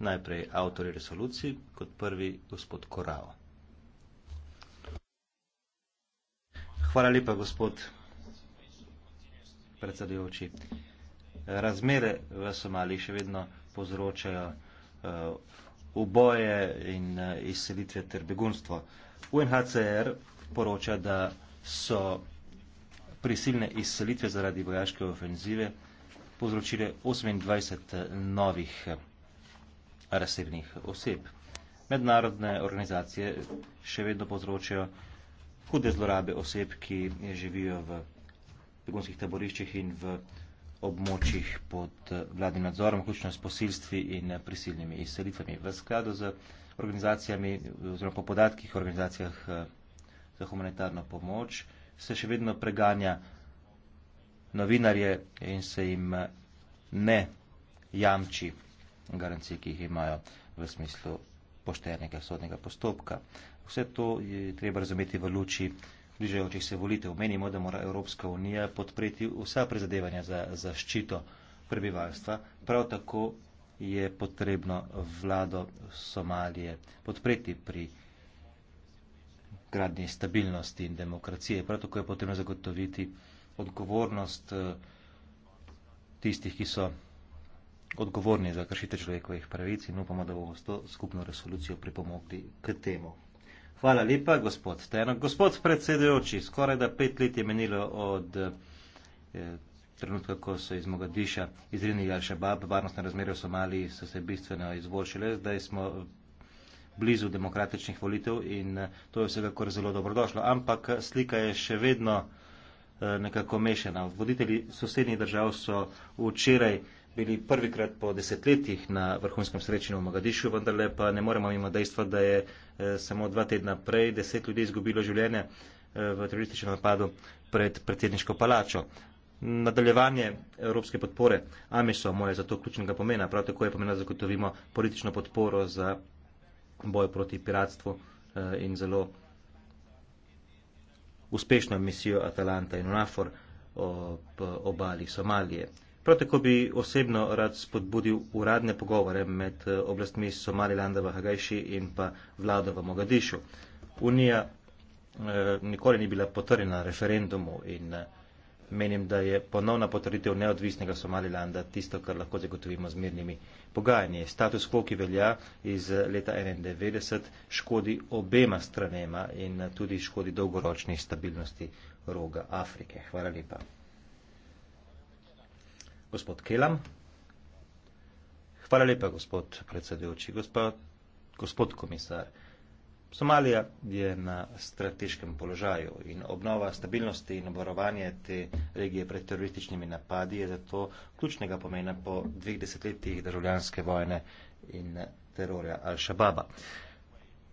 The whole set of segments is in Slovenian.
najprej avtori resoluciji, kot prvi gospod Korao. Hvala lepa, gospod predsedujoči. Razmere v Somaliji še vedno povzročajo uh, uboje in uh, izselitve ter begunstvo. UNHCR poroča, da so prisilne izselitve zaradi vojaške ofenzive povzročile 28 eh, novih uh, razsebnih oseb. Mednarodne organizacije še vedno povzročajo hude zlorabe oseb, ki živijo v begunskih taboriščih in v območjih pod vladnim nadzorom, vključno s posilstvi in prisilnimi izselitvami. V skladu z organizacijami, oziroma po podatkih o organizacijah eh, za humanitarno pomoč, se še vedno preganja novinarje in se jim eh, ne jamči garancije, ki jih imajo v smislu poštenega sodnega postopka. Vse to je treba razumeti v luči bližajočih se volitev. Menimo, da mora Evropska unija podpreti vsa prizadevanja za zaščito prebivalstva. Prav tako je potrebno vlado Somalije podpreti pri gradnji stabilnosti in demokracije. Prav tako je potrebno zagotoviti odgovornost eh, tistih, ki so odgovorni za kršite človekovih pravic in upamo, da bomo s to skupno resolucijo pripomogli k temu. Hvala lepa, gospod Tenok. Gospod predsedujoči, skoraj da pet let je menilo od eh, trenutka, ko so iz Mogadiša izrinili Al-Shabaab, varnostne razmere v Somaliji so se bistveno izboljšile, zdaj smo blizu demokratičnih volitev in eh, to je vsekakor zelo dobrodošlo. Ampak eh, slika je še vedno eh, nekako mešana. Voditelji sosednjih držav so včeraj bili prvikrat po desetletjih na vrhunskem srečanju v Mogadišu, vendar pa ne moremo mimo dejstva, da je eh, samo dva tedna prej deset ljudi izgubilo življenje eh, v terorističnem napadu pred predsedniško palačo. Nadaljevanje evropske podpore Amiso mora je zato ključnega pomena, prav tako je pomena zagotovimo politično podporo za boj proti piratstvu eh, in zelo uspešno misijo Atalanta in UNAFOR ob obali Somalije. Prav tako bi osebno rad spodbudil uradne pogovore med eh, oblastmi Somalilanda v Hagajši in pa vlado v Mogadišu. Unija eh, nikoli ni bila potrjena referendumu in eh, menim, da je ponovna potrditev neodvisnega Somalilanda tisto, kar lahko zagotovimo z mirnimi pogajanji. Status quo, ki velja iz leta 1991, škodi obema stranema in tudi škodi dolgoročni stabilnosti roga Afrike. Hvala lepa. Gospod Kelam. Hvala lepa, gospod predsedujoči. Gospod, gospod komisar, Somalija je na strateškem položaju in obnova stabilnosti in obvarovanje te regije pred terorističnimi napadi je zato ključnega pomena po dveh desetletjih državljanske vojne in terorja Al-Shababa.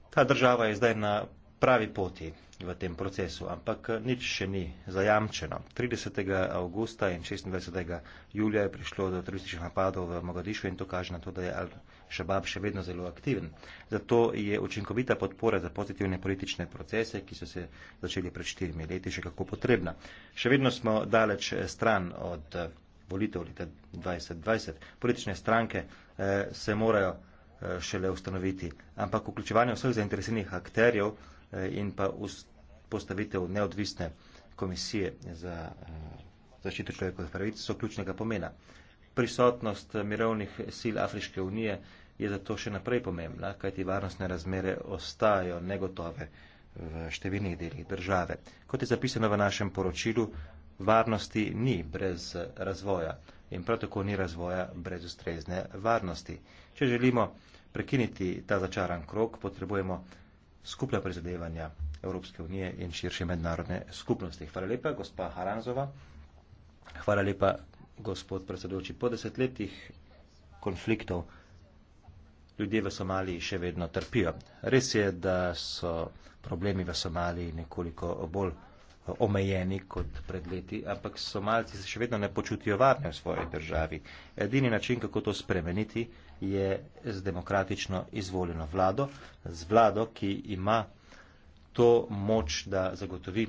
Ta država je zdaj na pravi poti v tem procesu, ampak nič še ni zajamčeno. 30. augusta in 26. julija je prišlo do terorističnih napadov v Mogadišu in to kaže na to, da je Al-Shabaab še vedno zelo aktiven. Zato je učinkovita podpora za pozitivne politične procese, ki so se začeli pred štirimi leti, še kako potrebna. Še vedno smo daleč eh, stran od eh, volitev leta 2020. Politične stranke eh, se morajo eh, šele ustanoviti, ampak vključevanje vseh zainteresiranih akterjev eh, in pa ustanoviti postavitev neodvisne komisije za eh, zaščito človekovih pravic so ključnega pomena. Prisotnost mirovnih sil Afriške unije je zato še naprej pomembna, kajti varnostne razmere ostajajo negotove v številnih delih države. Kot je zapisano v našem poročilu, varnosti ni brez razvoja in prav tako ni razvoja brez ustrezne varnosti. Če želimo prekiniti ta začaran krok, potrebujemo skupne prizadevanja Evropske unije in širše mednarodne skupnosti. Hvala lepa, gospa Haranzova. Hvala lepa, gospod predsedujoči. Po desetletjih konfliktov ljudje v Somaliji še vedno trpijo. Res je, da so problemi v Somaliji nekoliko bolj eh, omejeni kot pred leti, ampak Somalci se še vedno ne počutijo varne v svoji državi. Edini način, kako to spremeniti, je z demokratično izvoljeno vlado, z vlado, ki ima to moč, da zagotovi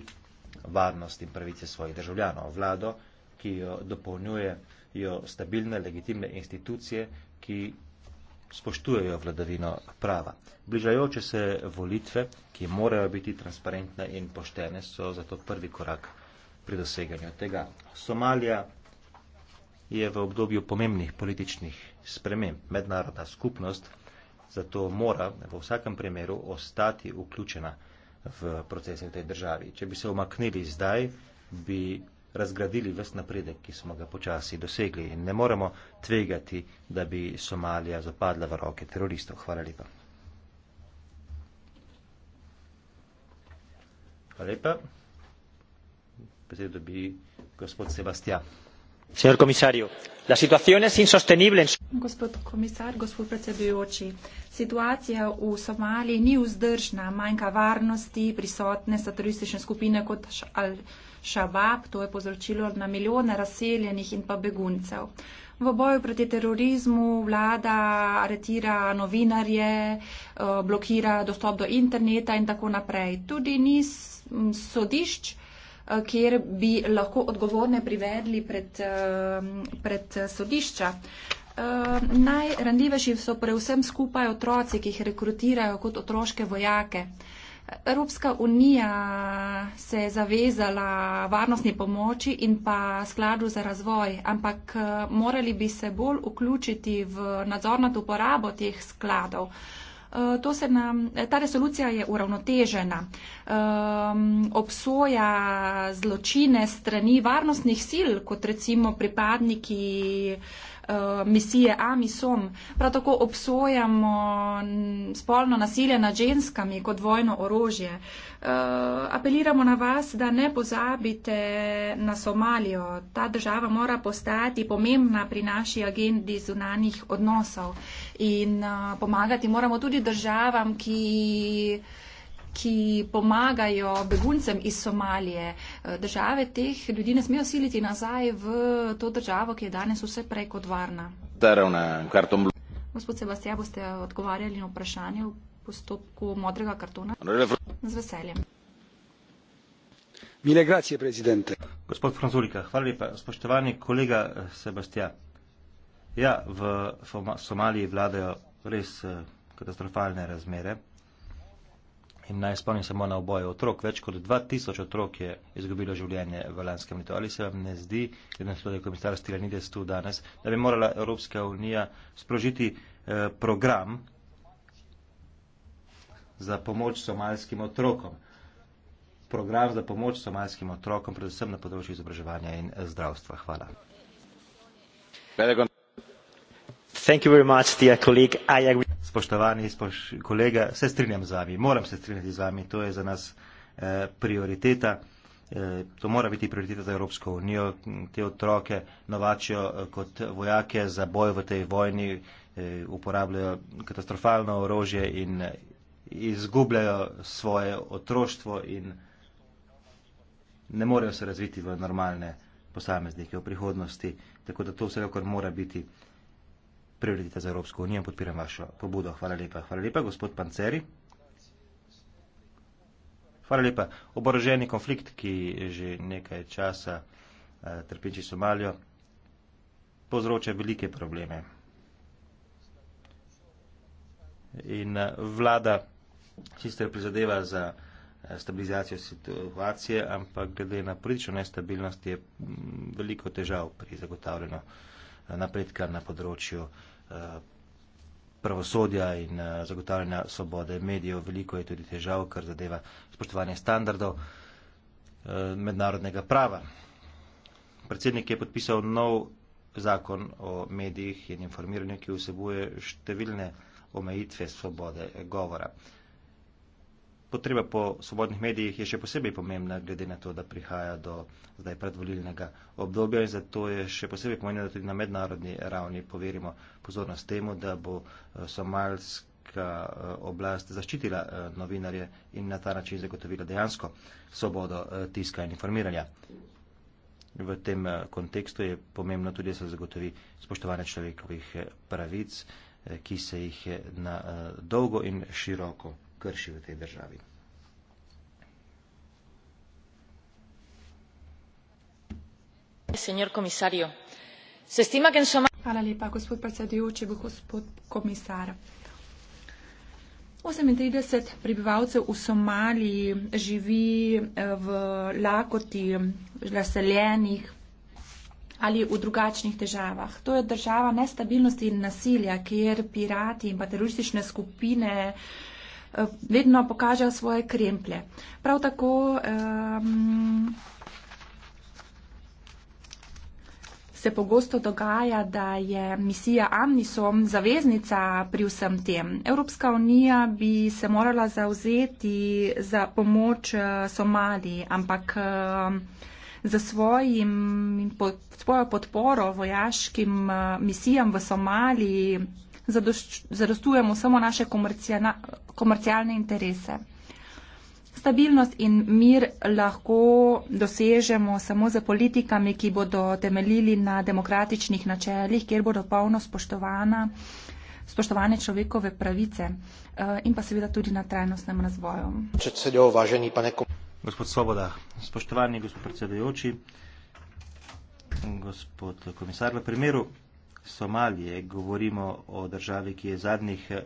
varnost in pravice svojih državljanov. Vlado, ki jo dopolnjuje, jo stabilne, legitimne institucije, ki spoštujejo vladavino prava. Bližajoče se volitve, ki morajo biti transparentne in poštene, so zato prvi korak pri doseganju tega. Somalija je v obdobju pomembnih političnih sprememb. Mednarodna skupnost zato mora v vsakem primeru ostati vključena v procesih v tej državi. Če bi se omaknili zdaj, bi razgradili vse napredek, ki smo ga počasi dosegli in ne moremo tvegati, da bi Somalija zapadla v roke teroristov. Hvala lepa. Hvala lepa. Besedo bi gospod Sebastian señor comisario la situación es insostenible gospod komisar gospod predsedujoči situacija v somaliji ni vzdržna manjka varnosti prisotne so turistične skupine kot al šabab to je povzročilo na milijone razseljenih in pa beguncev V boju proti terorizmu vlada aretira novinarje, eh, blokira dostop do interneta in tako naprej. Tudi ni sodišč, Eh, kjer bi lahko odgovorne privedli pred, eh, pred sodišča. Eh, Najrandljivejši so predvsem skupaj otroci, ki jih rekrutirajo kot otroške vojake. Evropska unija se je zavezala varnostni pomoči in pa skladu za razvoj, ampak morali bi se bolj vključiti v nadzor nad uporabo teh skladov. Uh, Eh, to se nam, ta resolucija je uravnotežena, um, obsoja zločine strani varnostnih sil, kot recimo pripadniki uh, Eh, misije Amisom. Prav tako obsojamo spolno nasilje nad ženskami kot vojno orožje. Eh, apeliramo na vas, da ne pozabite na Somalijo. Ta država mora postati pomembna pri naši agendi zunanih odnosov. In eh, pomagati moramo tudi državam, ki ki pomagajo beguncem iz Somalije. Eh, države teh ljudi ne smejo siliti nazaj v to državo, ki je danes vse prej kot varna. Gospod Sebastija, boste odgovarjali na vprašanje v postopku modrega kartona? Z veseljem. Mile gracije, prezidente. Gospod Franzulika, hvala lepa. Spoštovani kolega eh, Sebastija. Ja, v Somaliji vladajo res eh, katastrofalne razmere in naj spomnim samo na oboje otrok. Več kot 2000 otrok je izgubilo življenje v lanskem letu. Ali se vam ne zdi, glede na to, da je komisar Stilanides tu danes, da bi morala Evropska unija sprožiti eh, program za pomoč somalskim otrokom? Program za pomoč somalskim otrokom, predvsem na področju izobraževanja in eh, zdravstva. Hvala. Thank you very much, dear colleague. I agree spoštovani spoš, kolega, se strinjam z vami, moram se strinjati z vami, to je za nas eh, prioriteta, eh, to mora biti prioriteta za Evropsko unijo, te otroke novačijo eh, kot vojake za boj v tej vojni, eh, uporabljajo katastrofalno orožje in eh, izgubljajo svoje otroštvo in ne morejo se razviti v normalne posameznike v prihodnosti, tako da to vsekakor mora biti prioritete za Evropsko unijo in podpiram vašo pobudo. Hvala lepa. Hvala lepa, gospod Panceri. Hvala lepa. Oboroženi konflikt, ki že nekaj časa eh, trpiči Somalijo, povzroča velike probleme. In eh, vlada sicer prizadeva za eh, stabilizacijo situacije, ampak glede na politično nestabilnost je m, mm, veliko težav pri zagotavljanju eh, napredka na področju eh, pravosodja in eh, zagotavljanja svobode medijev. Veliko je tudi težav, kar zadeva spoštovanje standardov eh, mednarodnega prava. Predsednik je podpisal nov zakon o medijih in informiranju, ki vsebuje številne omejitve svobode govora potreba po svobodnih medijih je še posebej pomembna, glede na to, da prihaja do zdaj predvolilnega obdobja in zato je še posebej pomembno, da tudi na mednarodni ravni poverimo pozornost temu, da bo eh, somalska eh, oblast zaščitila eh, novinarje in na ta način zagotovila dejansko svobodo tiska in informiranja. V tem kontekstu je pomembno tudi, da se zagotovi spoštovanje človekovih pravic, ki se jih na dolgo in široko krši v tej državi. Hvala lepa, gospod predsedujoči, gospod komisar. 38 prebivalcev v Somaliji živi eh, v lakoti, naseljenih ali v drugačnih težavah. To je država nestabilnosti in nasilja, kjer pirati in pa teroristične skupine Eh, vedno pokažejo svoje kremplje. Prav tako se pogosto dogaja, da je misija Amnisom zaveznica pri vsem tem. Evropska unija bi se morala zauzeti za pomoč eh, Somaliji, ampak za svojim, svojo podporo vojaškim eh, misijam v Somaliji zarostujemo samo naše komercialne interese. Stabilnost in mir lahko dosežemo samo z politikami, ki bodo temeljili na demokratičnih načelih, kjer bodo polno spoštovana, spoštovane človekove pravice eh, in pa seveda tudi na trajnostnem razvoju. Gospod Svoboda, spoštovani gospod predsedajoči, gospod komisar, v primeru Somalije, govorimo o državi, ki je zadnjih eh,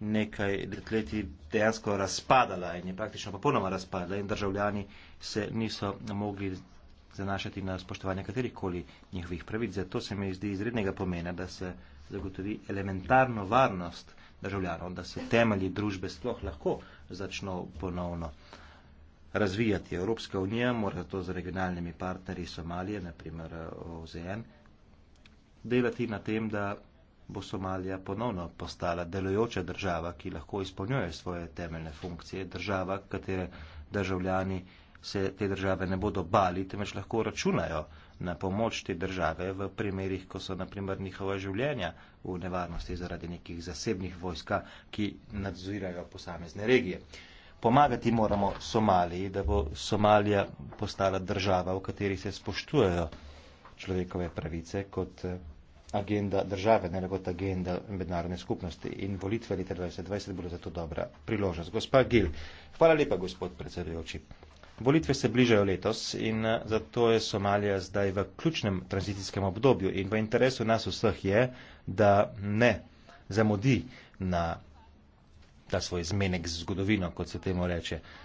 nekaj letletji dejansko razpadala in je praktično popolnoma razpadla in državljani se niso mogli zanašati na spoštovanje katerihkoli njihovih pravic. Zato se mi zdi izrednega pomena, da se zagotovi elementarno varnost državljanov, da se temelji družbe sploh lahko začno ponovno razvijati. Evropska unija mora to z regionalnimi partnerji Somalije, naprimer eh, OZN, delati na tem, da bo Somalija ponovno postala delojoča država, ki lahko izpolnjuje svoje temeljne funkcije, država, katere državljani se te države ne bodo bali, temveč lahko računajo na pomoč te države v primerih, ko so naprimer njihova življenja v nevarnosti zaradi nekih zasebnih vojska, ki nadzirajo posamezne regije. Pomagati moramo Somaliji, da bo Somalija postala država, v kateri se spoštujejo človekove pravice kot eh, agenda države, ne le kot agenda mednarodne skupnosti. In volitve leta 2020 bodo zato dobra priložnost. Gospa Gil, hvala lepa, gospod predsedujoči. Volitve se bližajo letos in eh, zato je Somalija zdaj v ključnem tranzicijskem obdobju in v interesu nas vseh je, da ne zamudi na ta svoj zmenek z zgodovino, kot se temu reče. Uh,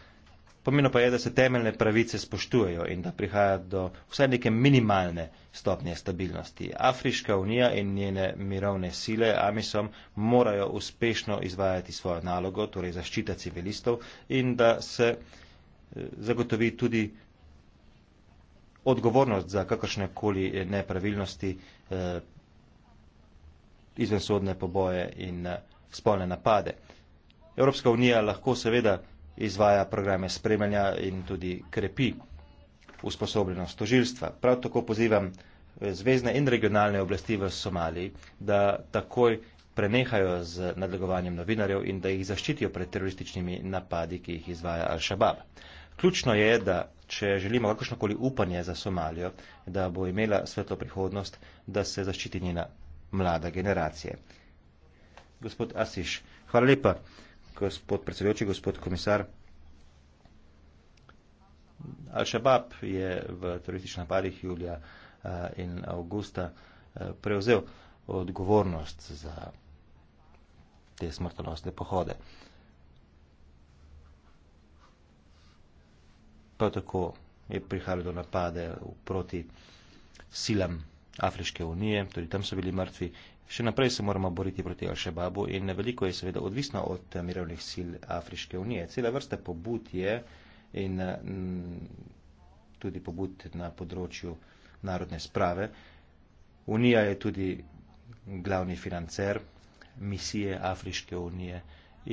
Pomembno pa je, da se temeljne pravice spoštujejo in da prihaja do vsaj neke minimalne stopnje stabilnosti. Afriška unija in njene mirovne sile, Amisom, morajo uspešno izvajati svojo nalogo, torej zaščita civilistov in da se eh, zagotovi tudi odgovornost za kakršnekoli nepravilnosti, eh, izvensodne poboje in eh, spolne napade. Evropska unija lahko seveda izvaja programe spremljanja in tudi krepi usposobljenost tožilstva. Prav tako pozivam eh, zvezdne in regionalne oblasti v Somaliji, da takoj prenehajo z nadlegovanjem novinarjev in da jih zaščitijo pred terorističnimi napadi, ki jih izvaja Al-Shabaab. Ključno je, da če želimo kakršnokoli upanje za Somalijo, da bo imela svetlo prihodnost, da se zaščiti njena mlada generacija. Gospod Asiš, hvala lepa gospod predsedujoči, gospod komisar. Al-Shabaab je v terorističnih napadih julija eh, in avgusta eh, prevzel odgovornost za te smrtonosne pohode. Prav tako je prihajalo do napade proti silam Afriške unije, tudi tam so bili mrtvi Še naprej se moramo boriti proti Al-Shabaabu in veliko je seveda odvisno od eh, mirovnih sil Afriške unije. Cela vrsta pobud je in mm, tudi pobud na področju narodne sprave. Unija je tudi glavni financer misije Afriške unije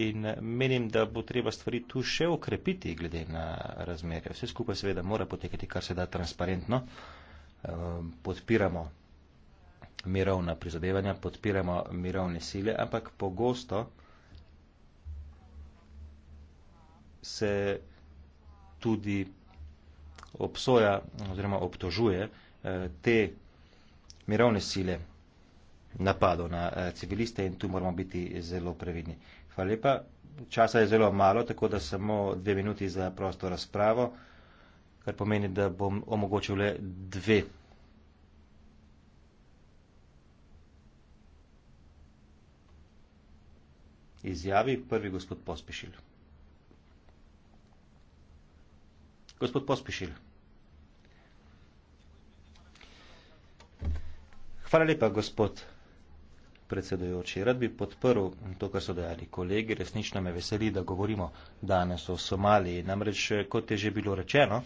in eh, menim, da bo treba stvari tu še ukrepiti glede na razmerje. Vse skupaj seveda mora potekati kar se da transparentno. Eh, podpiramo mirovna prizadevanja, podpiramo mirovne sile, ampak pogosto se tudi obsoja oziroma obtožuje eh, te mirovne sile napadov na eh, civiliste in tu moramo biti zelo previdni. Hvala lepa. Časa je zelo malo, tako da samo dve minuti za prosto razpravo, kar pomeni, da bom omogočil le dve izjavi prvi gospod Pospešil. Gospod Pospešil. Hvala lepa, gospod predsedujoči. Rad bi podprl to, kar so dejali kolegi. Resnično me veseli, da govorimo danes o Somaliji. Namreč, kot je že bilo rečeno,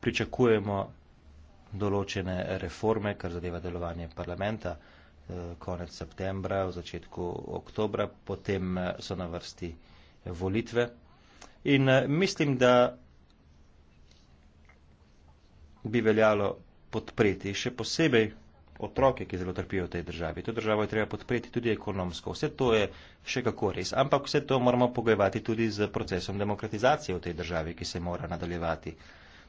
pričakujemo določene reforme, kar zadeva delovanje parlamenta. Eh, konec septembra, v začetku oktobra, potem eh, so na vrsti eh, volitve. In mislim, da bi veljalo podpreti še posebej otroke, ki zelo trpijo v tej državi. To državo je treba podpreti tudi ekonomsko. Vse to je še kako res. Ampak vse to moramo pogojevati tudi z procesom demokratizacije v tej državi, ki se mora nadaljevati.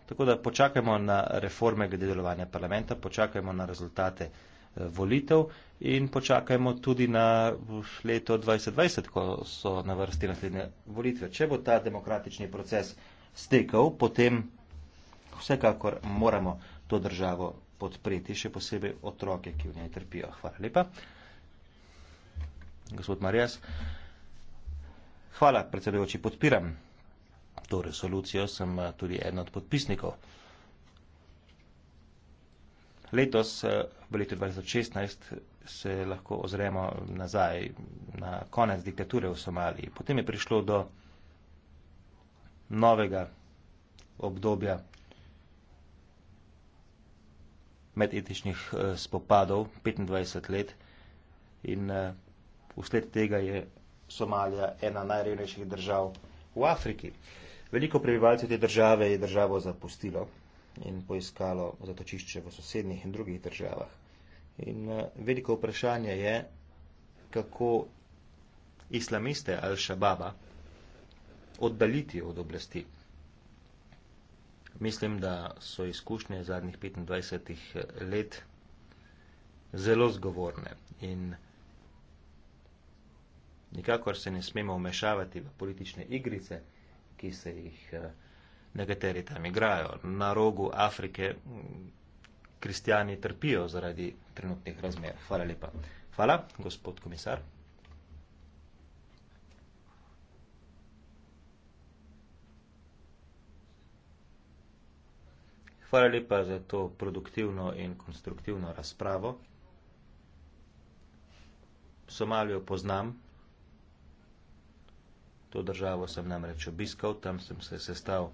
Tako da počakajmo na reforme glede delovanja parlamenta, počakajmo na rezultate volitev in počakajmo tudi na leto 2020, ko so na vrsti naslednje volitve. Če bo ta demokratični proces stekel, potem vsekakor moramo to državo podpreti, še posebej otroke, ki v njej trpijo. Hvala lepa. Gospod Marijas, hvala predsedujoči, podpiram to resolucijo, sem eh, tudi eden od podpisnikov. Letos, eh, v letu 2016, se lahko ozremo nazaj na konec diktature v Somaliji. Potem je prišlo do novega obdobja medetičnih eh, spopadov, 25 let, in eh, vsled tega je Somalija ena najrevnejših držav v Afriki. Veliko prebivalcev te države je državo zapustilo in poiskalo zatočišče v sosednjih in drugih državah. In eh, veliko vprašanje je, kako islamiste Al-Shababa oddaliti od oblasti. Mislim, da so izkušnje zadnjih 25 eh, let zelo zgovorne in nikakor se ne smemo vmešavati v politične igrice, ki se jih uh, nekateri tam igrajo. Na rogu Afrike kristijani trpijo zaradi trenutnih razmer. Hvala lepa. Hvala, gospod komisar. Hvala lepa za to produktivno in konstruktivno razpravo. Somalijo poznam, to državo sem namreč obiskal, tam sem se sestavil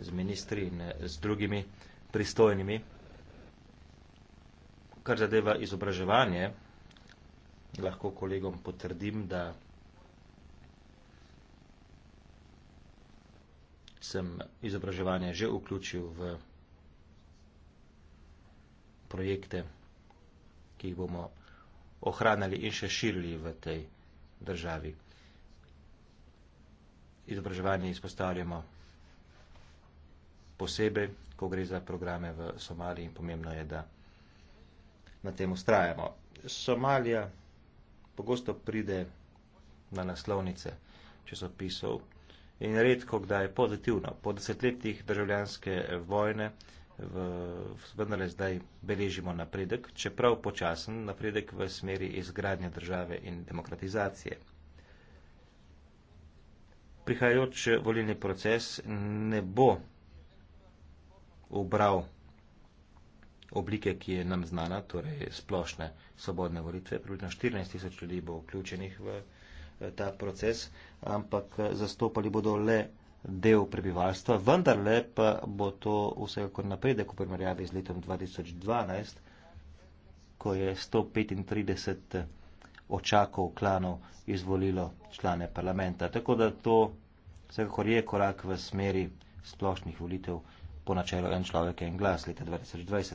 z ministri in eh, z drugimi pristojnimi. Kar zadeva izobraževanje, lahko kolegom potrdim, da sem izobraževanje že vključil v projekte, ki jih bomo ohranjali in še širili v tej državi. Izobraževanje izpostavljamo posebej, ko gre za programe v Somaliji in pomembno je, da na tem ustrajamo. Somalija pogosto pride na naslovnice časopisov in redko kdaj pozitivno. Po desetletjih državljanske vojne v, vendarle zdaj beležimo napredek, čeprav počasen napredek v smeri izgradnje države in demokratizacije. Prihajajoč volilni proces ne bo obral oblike, ki je nam znana, torej splošne svobodne volitve. Približno 14 tisoč ljudi bo vključenih v eh, ta proces, ampak eh, zastopali bodo le del prebivalstva, vendar le pa bo to vsekakor napredek v primerjavi z letom 2012, ko je 135 eh, očakov klanov izvolilo člane parlamenta. Tako da to vsekakor je korak v smeri splošnih volitev po načelu en človek in glas leta 2020.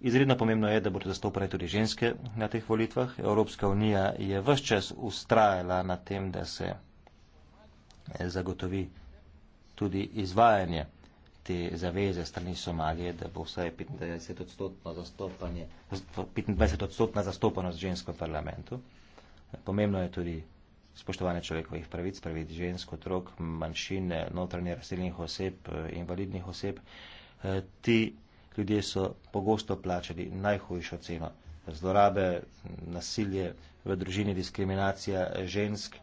Izredno pomembno je, da bodo zastopane tudi ženske na teh volitvah. Evropska unija je vse čas ustrajala na tem, da se eh, zagotovi tudi izvajanje te zaveze strani Somalije, da bo vsaj 25-odstotna zastopanost žensk v parlamentu. Pomembno je tudi spoštovanje človekovih pravic, pravic žensk, otrok, manjšin, notranje razseljenih oseb, invalidnih oseb. Eh, ti ljudje so pogosto plačali najhujšo ceno. Zlorabe, nasilje v družini, diskriminacija žensk,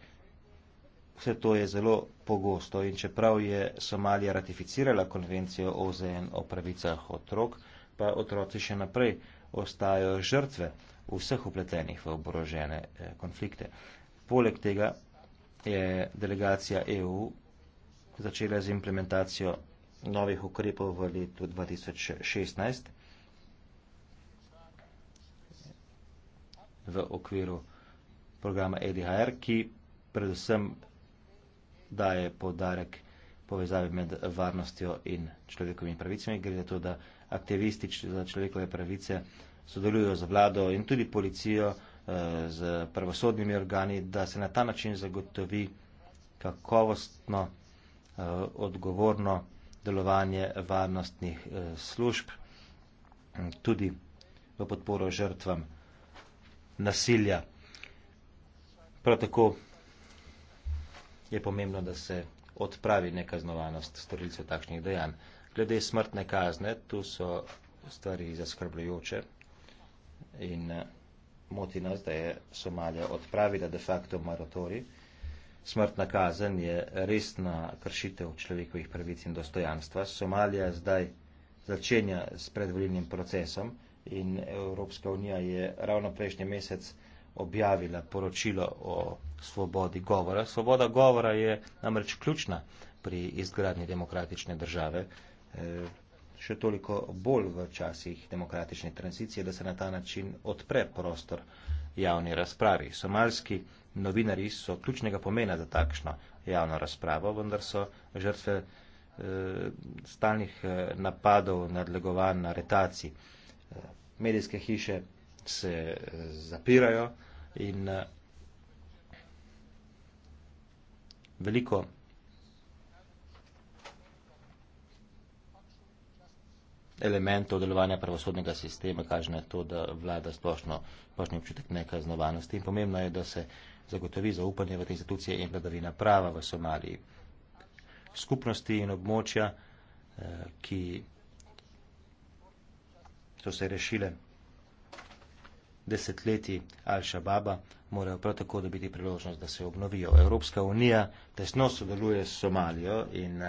vse to je zelo pogosto in čeprav je Somalija ratificirala konvencijo OZN o pravicah otrok, pa otroci še naprej ostajajo žrtve vseh upletenih v oborožene eh, konflikte. Poleg tega je delegacija EU začela z implementacijo novih ukrepov v letu 2016 v okviru programa EDHR, ki predvsem daje podarek povezavi med varnostjo in človekovimi pravicami. Gre za to, da aktivisti za človekove pravice sodelujo z vlado in tudi policijo, z pravosodnimi organi, da se na ta način zagotovi kakovostno, eh, odgovorno delovanje varnostnih eh, služb, tudi v podporo žrtvam nasilja. Prav tako je pomembno, da se odpravi nekaznovanost storilcev takšnih dejanj. Glede smrtne kazne, tu so stvari zaskrbljujoče in eh, moti nas, da je Somalija odpravila de facto moratori. Smrtna kazen je resna kršitev človekovih pravic in dostojanstva. Somalija zdaj začenja s predvoljenim procesom in Evropska unija je ravno prejšnji mesec objavila poročilo o svobodi govora. Svoboda govora je namreč ključna pri izgradnji demokratične države. E, še toliko bolj v časih demokratične tranzicije, da se na ta način odpre prostor javni razpravi. Somalski novinari so ključnega pomena za takšno javno razpravo, vendar so žrtve e, stalnih eh, napadov, nadlegovanj, aretacij. Eh, medijske hiše se zapirajo in veliko elementov delovanja pravosodnega sistema kaže na to, da vlada splošno, splošno občutek nekaznovanosti in pomembno je, da se zagotovi zaupanje v te institucije in vladavina prava v Somaliji. Skupnosti in območja, eh, ki so se rešile desetletji Al-Shababa, morajo prav tako dobiti priložnost, da se obnovijo. Evropska unija tesno sodeluje s Somalijo in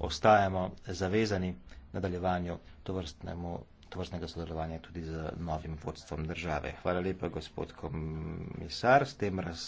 ostajamo zavezani nadaljevanju tovrstnemu tovrstnega sodelovanja tudi z novim vodstvom države. Hvala lepa, gospod komisar, s tem raz.